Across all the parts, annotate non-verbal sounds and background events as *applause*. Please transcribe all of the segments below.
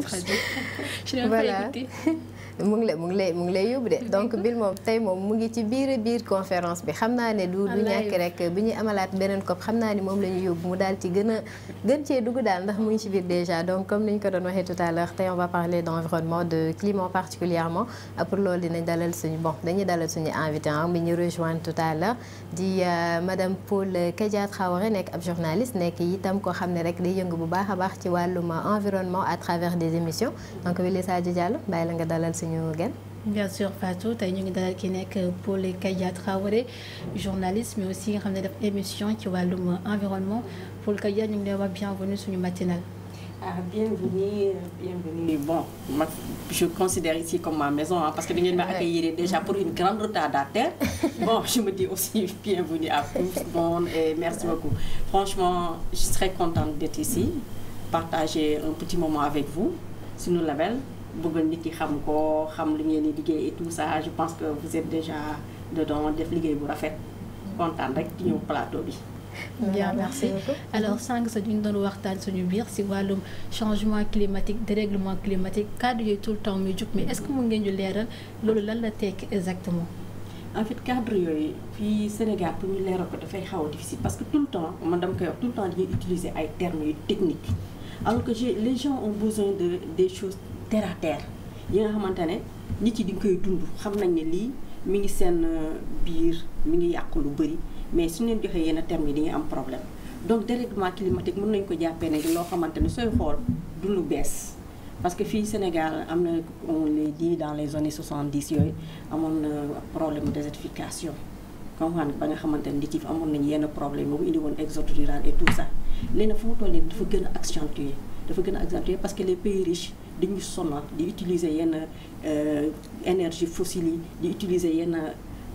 titre. *laughs* J'ai même voilà. pas écouté. *laughs* mu ngi lay mu ngi lay mu ngi lay yóbbu de mm-hmm. donc Bill moom tey moom mu ngi ci biir biir conférence bi xam naa ne du du ñàkk rek bi ñuy amalaat beneen COP xam naa ni moom la ñu yóbbu mu daal ci gën a gën cee dugg daal ndax mu ngi ci biir déjà donc comme ni ñu ko doon waxee tout à l'heure tey on va parler d'environnement de climat particulièrement ah, pour loolu dinañ dalal suñu bon dañuy dalal suñu invité ah mi ñu rejoindre tout à l'heure di euh, madame Paul Kadia Traoré nekk ab journaliste nekk tam koo xam ne rek day yëngu bu baax a baax ci wàllum environnement à travers des émissions donc la nga dalal suñu gan. bien sûr Fatou tey ñu ngi dalal ki nekk Paulé Kaya Traoré journaliste mais aussi nga xam ne def émission ci wàllum environnement Paulé Kaya ñu ngi lay wax bienvenue suñu matinal ah bienvenue bon ma je considère ici comme ma maison parce que da ngeen ma accueillir déjà pour une grande retardataire *laughs* bon je me dis aussi *laughs* bienvenue à tout le monde et merci beaucoup franchement je suis très contente d'être ici partager un petit moment avec vous sur nos labels bëgg nit yi xam ko xam li ngeen di liggéey et tout ça je pense que vous êtes déjà dedans def liggéey bu rafet kontaan rek di ñëw plateau bi. bien merci alors sànq sa ñu doon waxtaan suñu biir si wàllum changement climatique dérèglement climatique cadre yooyu tout le temps muy jub mais est-ce que mu ngeen ñu leeral loolu lan la tekki exactement. en fait cadre yooyu fii Sénégal pour ñu leeral ko dafay xaw a difficile parce que tout le temps man dama koy wax tout le temps ay termes yu de des choses. terre à terre yi nga xamante ne nit yi di koy dund xam nañ ne lii mu ngi seen euh, biir mu ngi yàq lu bëri mais su leen joxee yenn termes yi dañuy am problème donc dérèglement climatique mën nañ ko jàppee loo xamante ne sooy xool du lu bees parce que fii Sénégal am na on l'a dit dans les années 70 yooyu amoon na problème de désertification comprendre ba nga xamante ne nit yi amoon nañu yenn problème boobu indi woon exode rural et tout ça léegi nag fu mu toll dafa gën a accentuer dafa gën a accentué parce que les pays riches dañuy sonal di utiliser yenn euh, énergie fossile yi di utiliser yenn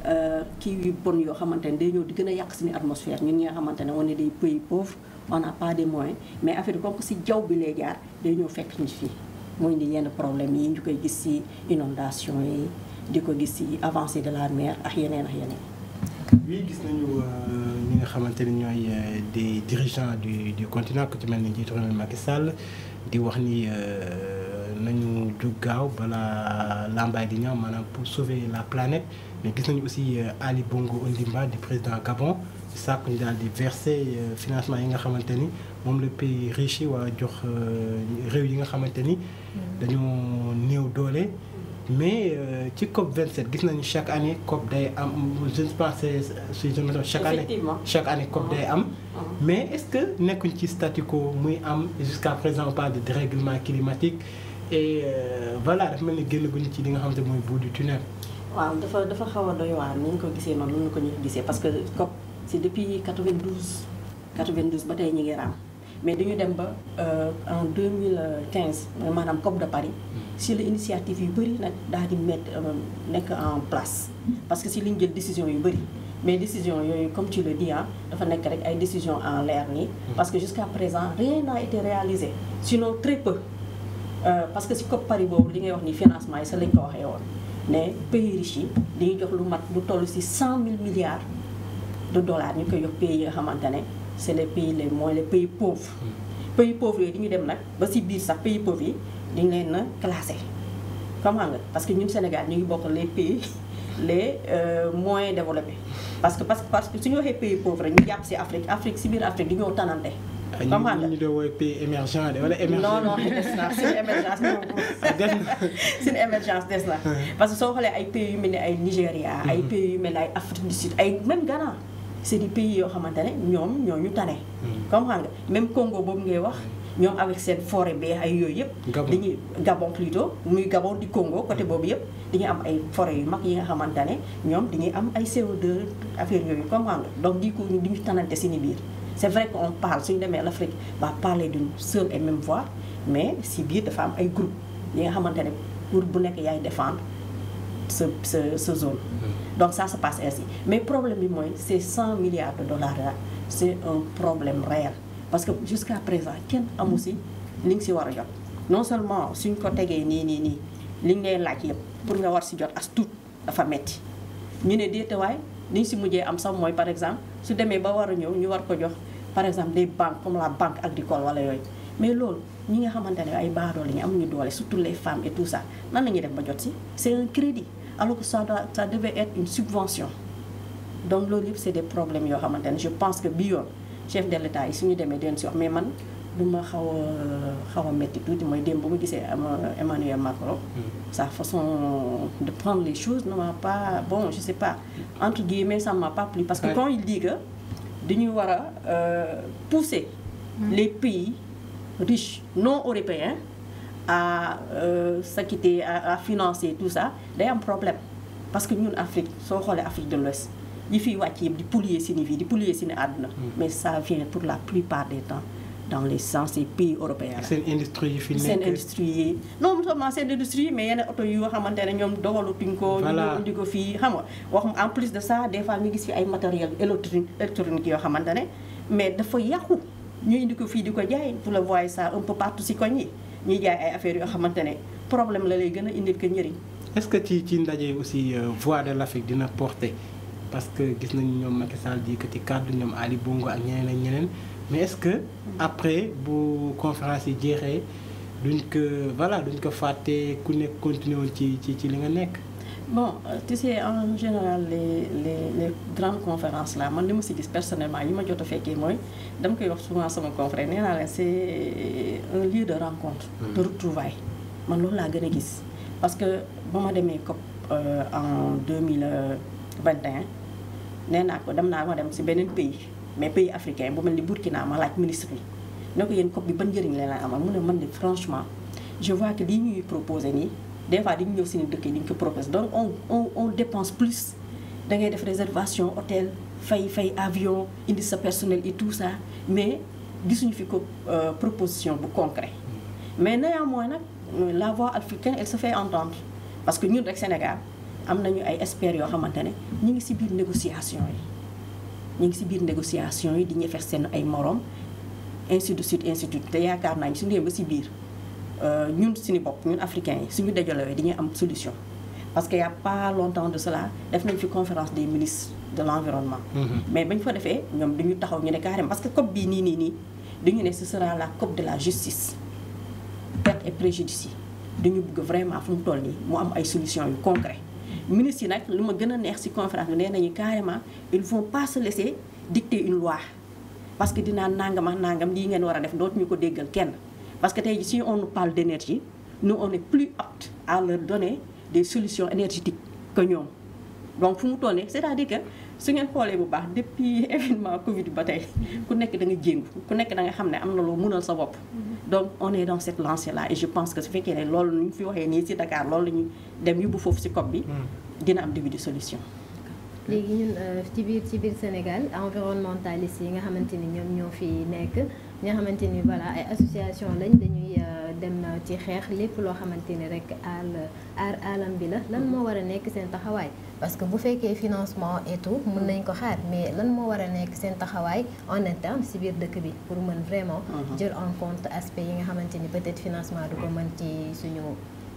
euh, kii yu bon yoo xamante ne day ñëw di gën a yàq suñu atmosphère ñun ñi nga xamante ne on est des pays pauvres on n'a pas de moyens mais affaire comme si jaw bi lay jaar day ñëw fekk ñu fii mooy indi yenn problème yi ñu koy gis ci inondation yi di ko gis ci avancée de la mer ak yeneen ak yeneen. ñi nga xamante ni ñooy euh, des dirigeants du du continent ku ci mel ni njiitu réew mi Macky Sall di wax ni euh, nañu jug gaaw balaa lambaay di ñaaw manaam pour sauver la planète mais gis nañu aussi euh, Ali Bongo Ondimba di président Gabon sàkku ñu daal di verser financement yi nga xamante ni moom la pays riche yi waa jox réew yi nga xamante ni mm. dañoo néew doole. mais euh, ci COP 27 gis nañu chaque année COP day am je ne sais pas si je me trompe chaque année chaque am. Uh-huh. Uh-huh. mais est-ce que nekkuñ ci statu quo muy am jusqu'à présent pas de dérèglement climatique et euh, voilà dafa mel ni génnaguñu ci li nga xam te mooy bout du tunnel. waaw dafa dafa xaw a doy waar ni ñu ko gisee noonu ni ñu ko ñu gisee parce que COP c'est depuis 92 92 ba tey ñu ngi raam. mais dañu dem ba euh, en 2015 maanaam COP de Paris mm. si la initiative yu bëri nag daal di mettre euh, nekk en place parce que si li ñu jël décision yu bëri mais décision yooyu comme tu le dis ah dafa nekk rek ay décision en l'air nii mm. parce que jusqu'à présent rien n'a été réalisé sinon très peu euh, parce que si COP Paris boobu li ngay wax ni financement yi sa lañ ko waxee woon ne pays riches yi dañuy jox lu mat lu toll si 100 000 milliards de dollars ñu koy jox pays yi nga xamante ne c' est les pays les moins les pays pauvres. Hmm. pays pauvres yooyu di ñu dem nag ba si biir sax pays pauvres yi dañu leen a classé xam nga parce que ñu ngi bokk les pays *laughs* les euh, moins développés. parce que parce que que su ñu waxee pays pauvres rek ñu jàpp si Afrique Afrique si biir Afrique di ñoo tanante. comme xam ñu doon woowee pays émergent de wala émergence non non *laughs* émergence des na parce que soo xoolee ay pays yu mel ni ay Nigéria. ay mm-hmm. pays yu mel ni ay Afrique du Sud ay même Ghana. c'est des pays yoo xamante ne ñoom ñoo ñu tane. Hmm. comme xam nga même Congo boobu ngay wax. Hmm. ñoom avec seen forêt bee ay yooyu yëpp. di dañuy Gabon plutôt muy Gabon di Congo côté hmm. boobu yëpp dañuy am ay fore yu mag yi nga xamante ne ñoom dañuy am ay CO2 affaire yooyu comme xam nga donc di ko di ñu tanante seeni biir. c'est vrai qu'on parle suñu demee l'Afrique va parler d'une seule et même voix mais si biir dafa am ay groupe yi nga xamante ne pour bu nekk yaay défendre. sa sa sa zone mhm. donc ça se passe ainsi mais problème bi mooy c'est cent milliards de dollars là c'est un problème réel parce que jusqu'à présent kenn amu si li nga si war a jot non seulement suñ ko tegee nii nii nii li ngay laaj yëpp pour nga war si jot as tuut dafa metti ñu ne déetawaay li ñu si mujjee am sax mooy par exemple su demee ba war a ñëw ñu war ko jox par exemple des banques comme la banque agricole wala yooyu mais loolu ñi nga xamante ne ay baadoo la ñu amuñu doole surtout les femmes et tout ça nan la ñuy def ba jot si alors que ça doit ça devait subvention donc loolu yëpp c' est des problèmes yoo xamante ne je pense que bii yoon chef de l' état yi suñu demee den si wax mais man du ma xaw a xaw a métti tuuti mooy démb bu ma gisee Emmanuel Macron mm. sa façon de prendre les choses ne m'a pas bon je sais pas entre guillemets ça m'a pas plu parce que quand il dit que dañuy war a euh, pousser mm. les pays riches non européens à euh, s'acquitter à, à financer tout ça day am problème parce que ñun Afrique soo xoolee Afrique de l'Ouest yi fiy wàcc yëpp di polluer seeni vie di polluer seeni àdduna mm. mais ça vient pour la plupart des temps dans les sens pays européens seen industrie yi fi nekk seen seen industrie yi mais yeneen oto yoo xamante ne ñoom dogalutuñ ko ñu indi ko fii xam nga wax en plus de ça des fois ñu gis fi ay matériel électronique électronique yoo xamante ne mais dafa yàqu ñu indi ko fii di ko jaay pour le voir ça un si koñ yi ñuy jaay ay affaires yoo xamante ne problème la lay gën a indil que njëriñ. est-ce que ci ci ndaje aussi euh, voix de l'Afrique dina porter parce que gis nañu ñoom Macky Sall di yëkkati kàddu ñoom Ali Bongo ak ñeneen ak ñeneen mais est-ce que mm. après bu conférence yi jeexee duñ ko balaa duñ ko fàtte ku nekk continuer woon ci ci ci li nga nekk. bon tu sais en général les les les grandes conférence là man li ma si gis personnellement yi ma jot a fekkee mooy dama koy wax souvent sama confrère nee naa leen c'est de rencontre. Hmm. de man loolu laa gën gis parce que ba ma demee COP euh, en 2021 nee naa ko dem naa ma dem si beneen pays mais pays africain bu mel ni Burkina ma laaj ministre bi ne ko yéen COP bi ban njëriñ la la amal mu ne man de franchement je vois que lii ñuy proposé nii. des fois dañu ñëw suñu dëkk yi dañu ko propose donc on dépense plus da ngay def réservation hôtel fay fay avion indi sa personnel et tout ça mais gisuñu fi ko euh, proposition bu concret mais néanmoins nag euh, la voix africaine elle se fait entendre parce que ñun rek Sénégal am nañu ay experts yoo xamante ne ñu ngi ci biir négociation yi ñu ngi si biir négociation yi di ñu fex seen ay morom ainsi de suite ainsi te yaakaar naa ñu suñu ba si biir Euh, ñun suñu bopp ñun africains yi suñu dajaloo dañuy am solution parce que y' a pas longtemps de cela def nañ fi conférence des ministres de environnement. Mhm. mais bañ fa defee ñoom dañu taxaw ñu ne carrément parce que COP bii nii nii nii dañu ne ce sera la COP de la justice perte et préjudice yi dañu bëgg vraiment fu mu toll nii mu am ay solution yu concret ministres yi nag lu ma gën a neex ci conférence bi nee nañu carrément il vont pas se laisser dicter un loi parce que dinaa nangam nangam lii ngeen war a def dootuñu ko déggal kenn. Parce que si on nous parle d'énergie, nous, on est plus apte à donner des solutions énergétiques que ñoom donc fu mu toll nii c'est-à-dire que su ngeen xoolee bu baax depuis *laughs* événement Covid ba tey ku nekk da nga jéngu ku nekk da nga xam ne am na loo mënal sa bopp. donc on est dans cette lancée là et je pense que su fekkee ne loolu nu ñu fi waxee nii si Dakar loolu la ñu dem bu foofu ci COP bi. Hmm. dina am début de solution. léegi ñun euh, ci biir ci biir Sénégal environnementaliste yi nga xamante ni ñoom ñoo fi nekk. ñi nga xamante ni voilà ay association lañ dañuy euh, dem ci xeex lépp loo xamante ni rek àll aar alam bi la lan moo war a nekk seen taxawaay parce que bu fekkee financement et tout mën nañ ko xaar mais lan moo war a nekk seen taxawaay en interne si biir dëkk bi pour mën vraiment mhm. jël en compte aspect yi nga xamante ni peut-être financement du ko mën ci suñu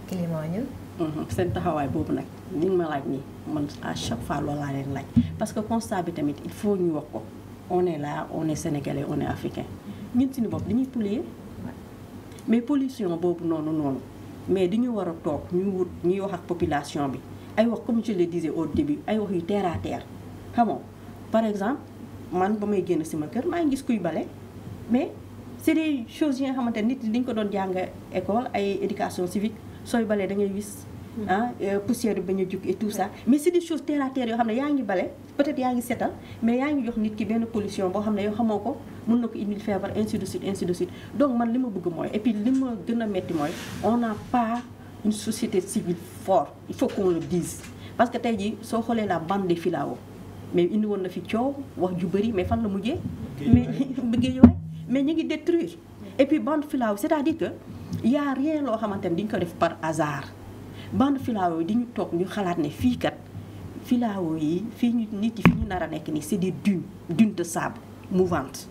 climat ñun mhm. seen taxawaay boobu nag ni nga ma laaj nii man à chaque fois loolu leen laaj parce que constat bi tamit il ñu wax ko on est là on est on africain ñun suñu bopp dañuy polluer mais pollution boobu noonu noonu mais di ñu war a toog ñu wut ñuy wax ak population bi ay wax comme je le disais au début ay wax yu terre à terre xam par exemple man ba may génn sama kër maa ngi gis kuy bale mais c'est des choses yi xamante nit dañ ko doon jàng école ay éducation civique sooy balee da ngay wis mm. ah euh, poussière bi bañ a jug et tout mm. ça mais c'est des choses terre à yoo xam ne yaa ngi bale peut-être yaa ngi setal mais yaa ngi jox nit ki benn pollution boo xam ne yoo xamoo ko mën na ko indil feebar ainsi de suite ainsi de suite donc man li ma bëgg mooy et puis li ma gën a metti mooy on n'a pas une société civile forte parce que tey jii soo xoolee la bande des filao mais indi woon na fi coow wax ju bëri mais fan la mujjee mais bëggee *laughs* yooyu mais ñu ngi détruire et puis bande filao c'est-à-dire que y a rien loo xamante ne di nga ko def par hasard bande filao yi di ñu toog xalaat ne fii kat filao yi fii ñu nit yi fi ñu nar a nekk nii c'est des dunes dunes de saabu mouvantes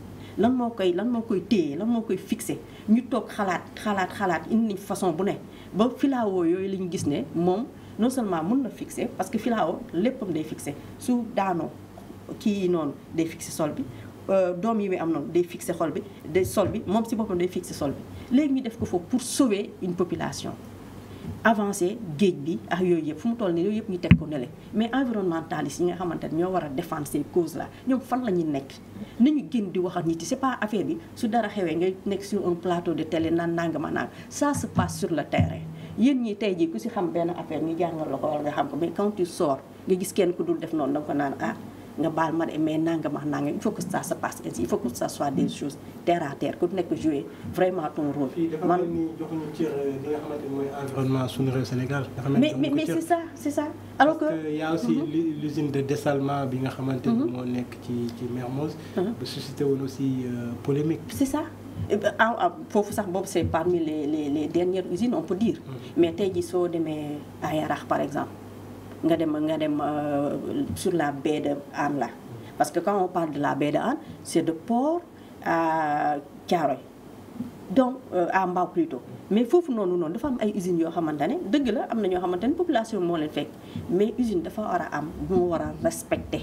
lan moo koy lan moo koy téye lan moo koy fixé ñu toog xalaat xalaat xalaat indi façon bu ne ba filao yooyu la ñu gis ne moom non seulement mun na fixé parce que filao léppam day fixé su daanoo kii noonu day fixé sol bi euh, doom yi muy am noonu day fixé xol bi day sol bi moom si boppam day fixé sol bi léegi ñu def ko foofu pour sauver une population avancé géej bi ak yooyu yëpp fu mu toll nii yooyu yëpp ñu teg ko nele mais environnementalistes yi nga xamante ne ñoo war a défendre ces causes là ñoom fan la ñu nekk ñu génn di wax a nit yi c'est pas affaire bi su dara xewee ngay nekk su un plateau de télé naan nangama naan ça se passe sur le terrain yéen ñi tey jii ku si xam benn affaire ñu jàngal la ko wala nga xam ko mais quand nga gis kenn ku dul def noonu danga ko naan ah nga baal ma de mais nangam ak nangam faut que ça se passe ainsi il faut que ça soit des choses terre a terre ku nekk jouer vraiment ton rôle. man euh, mais mais mais c'est ça c'est ça. alors que parce que y a aussi mhm. l'usine de dessalement bi nga xamante ni mhm. moo nekk ci ci Mermoz. Mhm. ba suscité woon aussi euh, polémique. c'est ça. Ah, ah foofu sax boobu c'est parmi les les les dernières usines on peut dire. mais tey jii soo demee à Yaraax par exemple. nga dem nga dem euh, sur la baie de la là parce que quand on parle de la baie de Hann c'est de Port à Thiaroye donc euh, à Mbao plutôt mais foofu noonu noonu dafa am ay usines yoo xamante ne dëgg la am na ñoo xamante ne population moo leen fekk mais usine dafa war a am bu mu war a respecter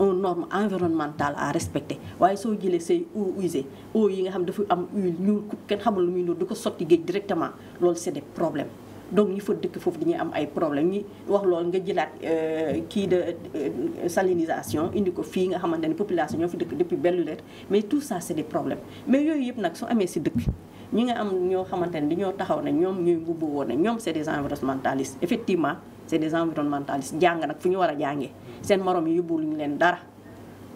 une norme environnementale à respecter waaye soo jëlee say eaux use eau yi nga xam dafa am huile ñuul ku kenn xamul lu muy noonu du ko sotti géej directement loolu c'est des problème donc ñi fa dëkk foofu dañuy am ay problème ñi wax loolu nga jëlaat euh, kii de euh, salinisation indi ko fii nga xamante ne population ñoo fi dëkk depuis benn lettre mais tout ça c' est des problèmes mais yooyu yëpp nag su amee si dëkk ñi nga am ñoo xamante ne ñoo taxaw ne ñoom ñooy mbubbu woon ne ñoom c' est des environnementalistes effectivement c' est des environnementalistes jàng nag fu ñu war a jàngee seen morom yi yóbbuwul ñu leen dara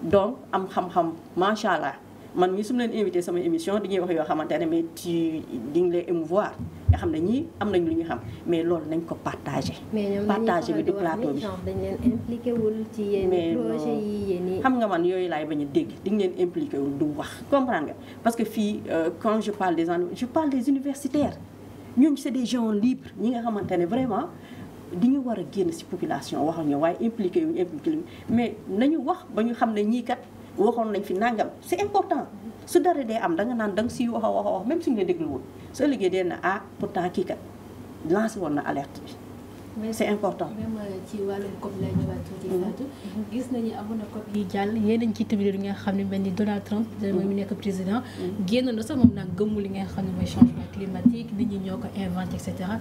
donc am xam-xam macha allah. man mii su ma leen invité sama émission dañuy wax yoo xamante ne mais ci di nga lay émouvoir nga xam ne ñii am nañ lu ñu xam mais loolu nañ ko partagé. partagé bi di plateau bi dañ leen impliqué wul ci yenn xam nga man yooyu laay ba a dégg di leen impliqué wul du wax comprendre nga parce que fii euh, quand je parle des en je parle des universitaires ñooñu c'est des gens libres ñi nga xamante ne vraiment. di ñu war a génn ci population waxuñu waaye impliqué yu ñu impliqué mais nañu wax ba ñu xam ne ñii kat. waxoon lañ fi nangam c'est important su dara dee am da naan da si wax a wax a wax même suñu la dégluwul soo liggéey dee a ah pourtant kii kat lancé woon na alerte bi. c'est important même ci wàllum COP lay ñëwaat tuuti mm-hmm. Fatou gis nañu amoon na COP yi jàll yéen añ ci tëbli li nga xam ne mel ni Donald Trump mooy mm-hmm. mu nekk président mm-hmm. génn na sax moom naa gëmmu li ngay xam ne mooy changement climatique nit ñi ñoo ko inventé et cetera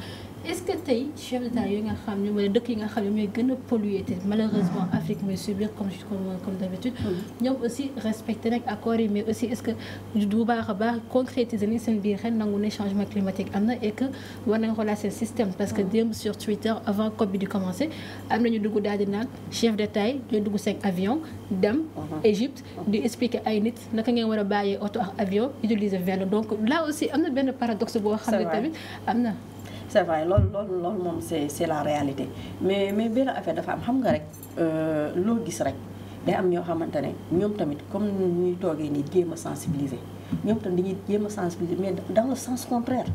est-ce que tey chef d'État yooyu nga xam ne wala dëkk yi nga xam ne ñooy gën a polluer te malheureusement mm-hmm. Afrique mooy subir comme comme comme d'habitude mm-hmm. ñoom aussi respecté nag accord yi mais aussi est-ce que du baax a baax concrétiser nañ seen biir xel nangu ne changement climatique am na et que war nañ xoolaat seen système parce que mm-hmm. démb sur Twitter avant COP bi di commencer am nañu dugg daal di naan chef de yi ñooy dugg seen avion dem uh-huh. Égypte di uh-huh. expliquer ay nit naka ngeen war a bàyyee oto ak avion utiliser vélo donc aussi am na benn paradoxe boo xam ne tamit am na c'est vrai loolu loolu loolu moom c'est c'est la réalité mais mais benn affaire dafa am xam nga rek euh, loo gis rek day am ñoo xamante ne ñoom tamit comme ñuy toogee nii jéem a sensibiliser ñoom tamit dañuy jéem a sensibiliser mais dans le sens contraire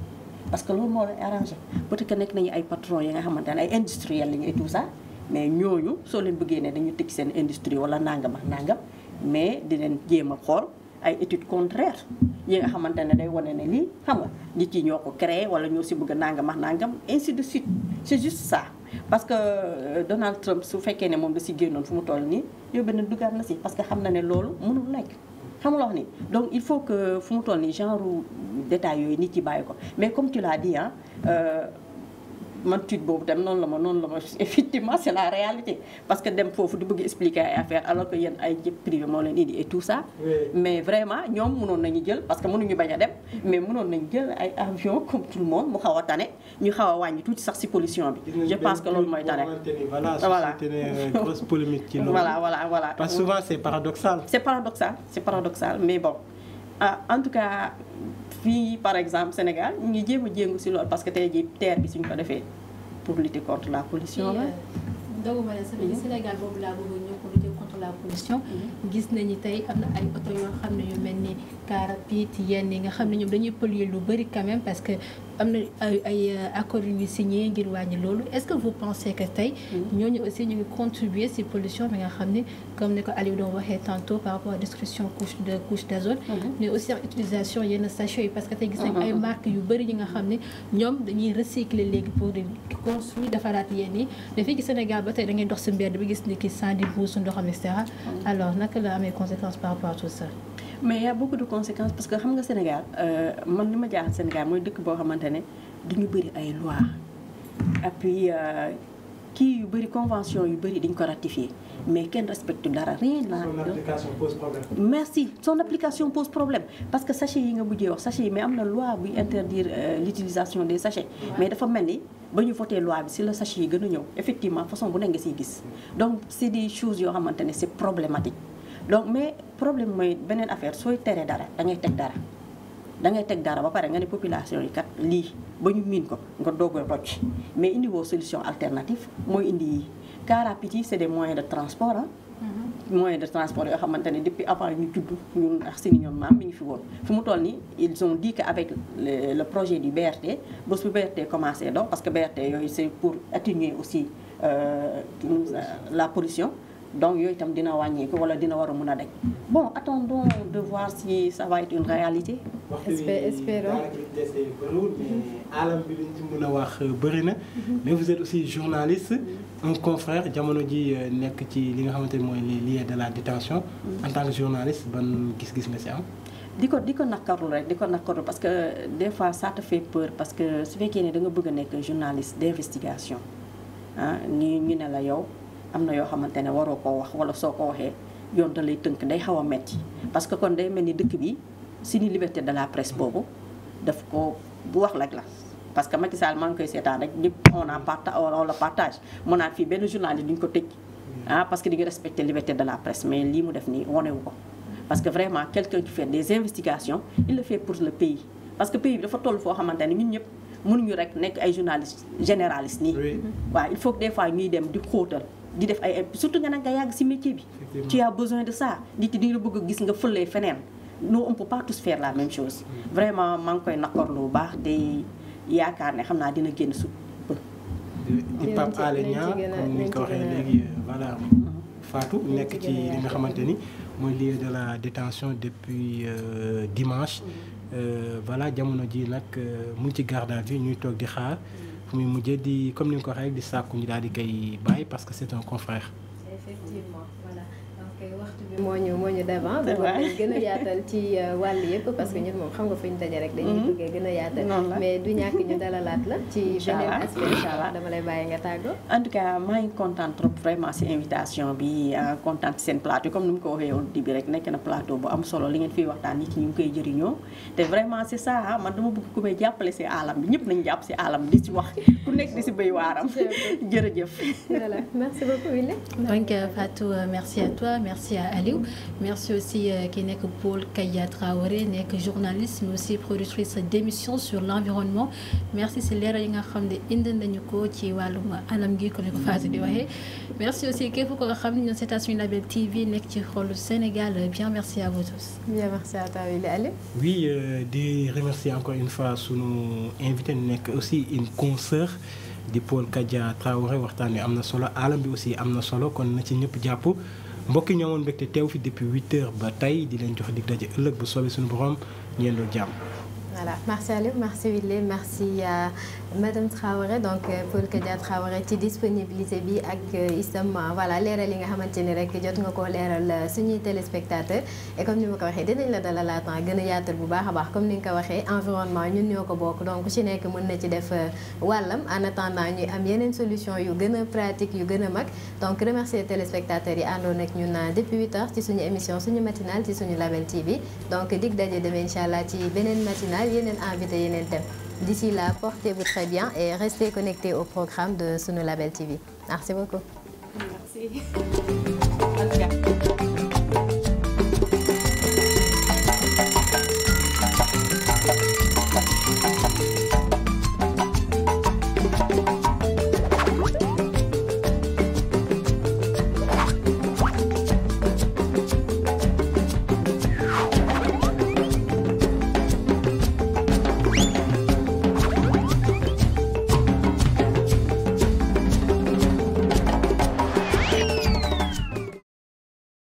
parce que loolu moo leen arrangé peut-être que nekk nañu ay patron yi nga xamante ne ay industriels lañu et tout sax mais ñooñu soo leen bëggee ne dañu tëj seen industrie wala nangam a nangam mais dinañ jéem a xool ay études contraires yi nga xamante ne day wane ne lii xam nga nit yi ñoo ko créé wala ñoo si bëgg a nangam ak nangam ainsi de suite c'est juste ça. parce que euh, Donald Trump su fekkee ne moom da si génnoon fu mu toll nii yóbbu na dugaat na si parce que xam na ne loolu mënul nekk. xam nga ni donc il faut que fu mu toll nii genre détail yooyu nit yi bàyyi ko mais comme tu la dit ah. man tiit boobu tam noonu la ma noonu la ma *laughs* effectivement c' est la réalité parce que dem foofu di bëgg expliquer ay affaire alors que yéen ay privé moo leen indi et tout ça. mais vraiment ñoom mënoon nañu jël parce que mënuñu bañ dem. mais mënoon nañu jël ay avion *laughs* comme tout mu xaw tane ñu xaw wàññi tuuti sax si pollution bi. je pense que loolu mooy tane voilà suscité euh, grosse polémique *laughs* parce que souvent c' paradoxal. c' paradoxal mais bon ah, en fii par exemple Sénégal ñu ngi jéem a jéngu si lool parce que tey jii terre bi suñ ko defee pour lutter contre la pollution la. Euh, doguma la sama Sénégal boobu laa bëgg ñëw pour lutter contre la pollution. gis nañu tey am na ay oto xam ne yu mel nii car rapide yenn yi nga xam ne ñoom dañuy polluer lu bëri quand même parce que am na ay ay euh, accords yu ñu signé ngir wàññi loolu est-ce que vous pensez que tey. Mm-hmm. ñooñu aussi ñu contribuer ci pollution bi nga xam ne comme ni ko Aliou doon waxee tantôt par rapport à destruction couche de couche d'ozone. Mm-hmm. mais aussi en utilisation yenn sachets yi parce que tey gis nañ ay mm-hmm. marques yu bëri yi nga xam ne ñoom dañuy recycler léegi pour di construire defaraat yenn yi dafay gis Sénégal ba tey da ngay dox ci mbedd gis ni ki sànni mbuusu ndoxam et cetera alors naka la amee conséquence par mais y a beaucoup de conséquences parce que xam nga Sénégal euh, man li ma jaaxal Sénégal mooy dëkk boo xamante ne du ñu bëri ay loi et puis euh, kii yu bëri convention yu bëri dañ ko ratifié mais kenn respecte dara rien là. son application pose problème. merci son application pose problème parce que sachet yi nga mujjee wax sachet yi mais am na loi buy interdire euh, l'utilisation des sachets. mais dafa mel ni ba ñu voté loi bi si la sachet yi gën a ñëw effectivement façon bu ne nga si gis donc c'est des choses yoo xamante ne c'est donc mais problème mooy beneen affaire sooy teree dara da teg dara da ngay teg dara ba pare nga ne population yi kat lii ba ñu miin ko nga doog a rocc mais indi woo solution alternative mooy indi yi car rapide c'est des moyens de transport ah moyens de transport yoo xamante ne depuis avant ñu judd ñun ak seeni ñoom maam mi ñu fi woon fu mu toll nii ils ont dit que avec le projet du BRT ba bu BRT commencé donc parce que BRT yooyu c'est pour atténuer aussi euh, la pollution donc yooyu itam dina wàññeeku wala dina war a mun a daj bon attendons de voir si ça va être une réalité. espérons alam ci mën a wax euh, bëri na. Mhm. mais aussi journaliste. Mhm. un confrère jamono ji euh, nekk ci li nga xamante ni mooy les liens de la détention mhm. en tant que journaliste ban gis-gis ma si am. di ko di ko naqarul rek di ko naqarul parce que des fois ça te fait peur parce que su fekkee ne da bëgg a nekk journaliste d' investigation ah ñu ñu ne la yow. am na yoo xamante ne waroo koo wax wala soo ko waxee yoon da lay tënk day xaw a metti parce que kon day mel ni dëkk bi suñu liberté de la press boobu daf ko bu wax lak la parce que Macky Sall maa koy seetaan rek ñëpp on a partage on la partage mu naan fii benn journaliste duñ ah que di nga respecté liberté de la presse lii mu def nii wonewu ko parce que vraiment quelqu'un qui fait des investigations il le fait pour le pays parce que pays bi dafa toll foo xamante ne ñun ñëpp mënuñu rek nekk ay journaliste généraliste nii waa il faut que des fois ñuy dem di xóotal di def ay surtout nga nag nga yàgg ci métier bi. tu as besoin de ça nit ñi dañu bëgg a gis nga fëlee feneen. loo on peut pas tous faire la même chose. Mm. vraiment maa ngi koy naqarlu bu baax day yaakaar ne xam naa dina génn su ba. Pape Alé Niang comme ni nga ko waxee léegi voilà faatu nekk ci li nga xamante ni mooy lieu de la détention depuis euh, dimanche. Mm. Euh, voilà jamono ji nag euh, mu ci garde à vue ñuy toog di xaar. Mm. fu muy di comme ni ko waxee di sàkku ñu daal di koy bàyyi parce que c'est un confrère. bi moo ñu moo ñu devant bu euh, yëpp parce que ñun moom xam nga fu ñu daje rek dañuy mm-hmm. duggee gën a la ci *laughs* beneen aspect dama lay nga tàggoo en tout cas vraiment si invitation bi euh, kontaan ci seen plateau comme ni mu ko waxee woon di bi rek nekk na plateau bu am solo li ngeen fiy waxtaan nit ñi ñu ngi koy jëriñoo te vraiment c'est ça ah, man dama bëgg ku may jàppale si alam bi ñëpp nañu jàpp si alam di si wax ku nekk di si béy waaram *laughs* jërëjëf voilà merci beaucoup Wille donc Fatou euh, merci à toi merci à Ali Saliou merci aussi euh, ki nekk Paul Kaya Traoré nekk journaliste mais aussi productrice d'émission sur l'environnement merci si leeral yi nga xam ne indi nañu ko ci wàllum alam gi ko ne ko Fatou di waxee merci aussi képp ko xam ne ñoo seetaan suñu Label TV nekk ci xolu Sénégal bien merci à vous tous. bien merci à toi euh, di remercier encore une fois sunu invité nekk aussi une consoeur. di Paul Kadia Traoré waxtaan wi am na solo alam bi aussi am na solo kon na ci ñëpp jàpp mbokk yi ñoo woon mbégte teew fi depuis 8 heures ba tey di leen jox dig daje ëllëg bu soobee suñu borom ñeen doon jàmm voilà merci Aliou merci Willy merci à euh, madame donc euh, Paul Kadia Traoré ci disponibilité bi ak euh, itam voilà leeral yi nga xamante ni rek jot nga koo leeral suñuy téléspectateur et comme ni ma ko waxee dinañ la dalalaataan gën a yaatal bu baax a baax comme ni nga ko waxee environnement ñun ñoo ko bokk donc ci nekk mën na ci def wàllam en attendant ñuy am yeneen solution yu gën a pratique yu gën a mag donc remercier téléspectateurs yi àndoon ak ñun depuis 8 heures ci suñu émission suñu matinale ci suñu Label TV donc dig daje demee incha allah ci beneen matinale nationale yeneen invité yeneen thèmes d'ici là portez-vous très bien et restez connectés au programme de sunu label TV merci beaucoup.